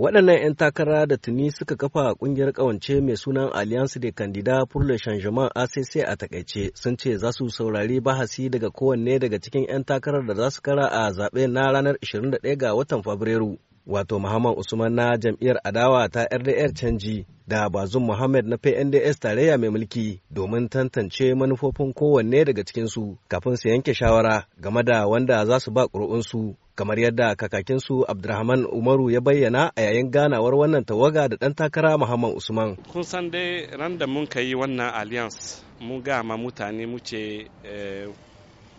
Waɗannan 'yan takara da tuni suka kafa ƙungiyar ƙawance mai sunan Alliance de kandida pour le Changement ACC a takaice sun ce za su saurari bahasi daga kowanne daga cikin 'yan takarar da za su kara a zaɓe na ranar 21 ga watan Fabrairu. wato Muhammad Usman na jam'iyyar adawa ta RDR canji da Bazum Muhammad na PNDS tarayya mai mulki domin tantance manufofin kowanne daga cikinsu kafin su yanke shawara game da wanda za su ba ƙuri'unsu kamar yadda kakakinsu Abdurrahman Umaru ya bayyana a yayin ganawar wannan tawaga da ɗan takara Muhammad Usman. Kun san dai ran da mun yi wannan alliance mu ga ma mutane mu ce eh,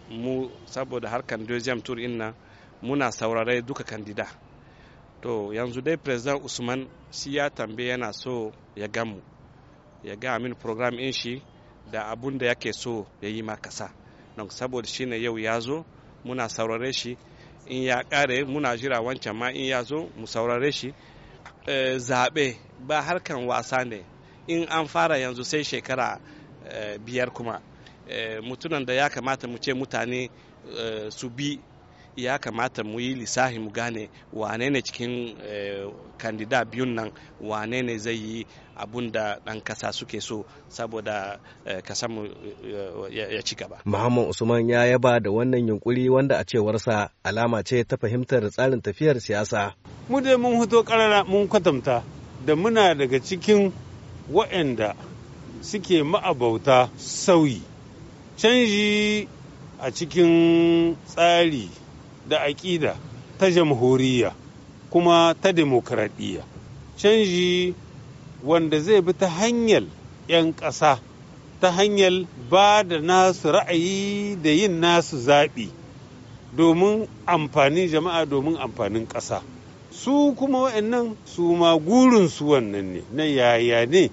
mu saboda harkan deuxième tour inna muna saurare duka kandida. to yanzu dai president usman si ya tambaye yana so ya gamu ya ga min program in shi da abun da yake so ya yi ma kasa don saboda shi ne yau ya zo muna saurare shi in ya kare muna jira wancan ma in ya zo mu saurare shi eh, zaɓe ba harkan wasa ne in an fara yanzu sai shekara eh, biyar kuma eh, mutunan da ya kamata mu ce mutane su bi ya kamata mu yi lissahi mu gane wane ne cikin eh, kandida biyun nan wane ne zai yi abun da ɗan kasa suke so saboda kasanmu eh, eh, ya ci gaba. Muhammad Usman ya yaba da wannan yunkuri wanda a cewarsa alama ce ta fahimtar tsarin tafiyar siyasa. Mu dai mun hito karara mun kwatanta da muna daga cikin wa'anda suke ma'abauta sauyi canji a cikin tsari da aƙida ta jamhuriya kuma ta demokradiyya canji wanda zai bi ta hanyar 'yan ƙasa ta hanyar ba da nasu ra'ayi da yin nasu zaɓi domin amfanin jama'a domin amfanin ƙasa su kuma wa'annan su ma gurinsu wannan ne na yaya ne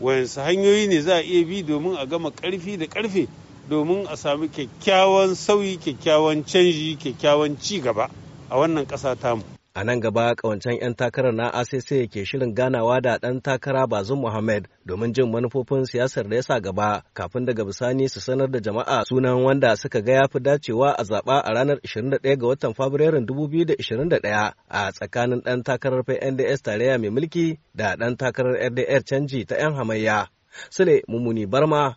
wayansu hanyoyi ne za a iya bi domin a gama ƙarfi da ƙarfe domin a sami kyakkyawan sauyi kyakkyawan canji kyakkyawan ci gaba a wannan ƙasa tamu a nan gaba kawancen 'yan takarar na acc ke shirin ganawa da ɗan takara bazum muhammad domin jin manufofin siyasar da ya sa gaba kafin daga bisani su sanar da jama'a sunan wanda suka ga ya fi dacewa a zaɓa a ranar 21 ga watan fabrairun 2021 a tsakanin ɗan takarar pnds tarayya mai mulki da ɗan takarar rdr canji ta 'yan hamayya sule mummuni barma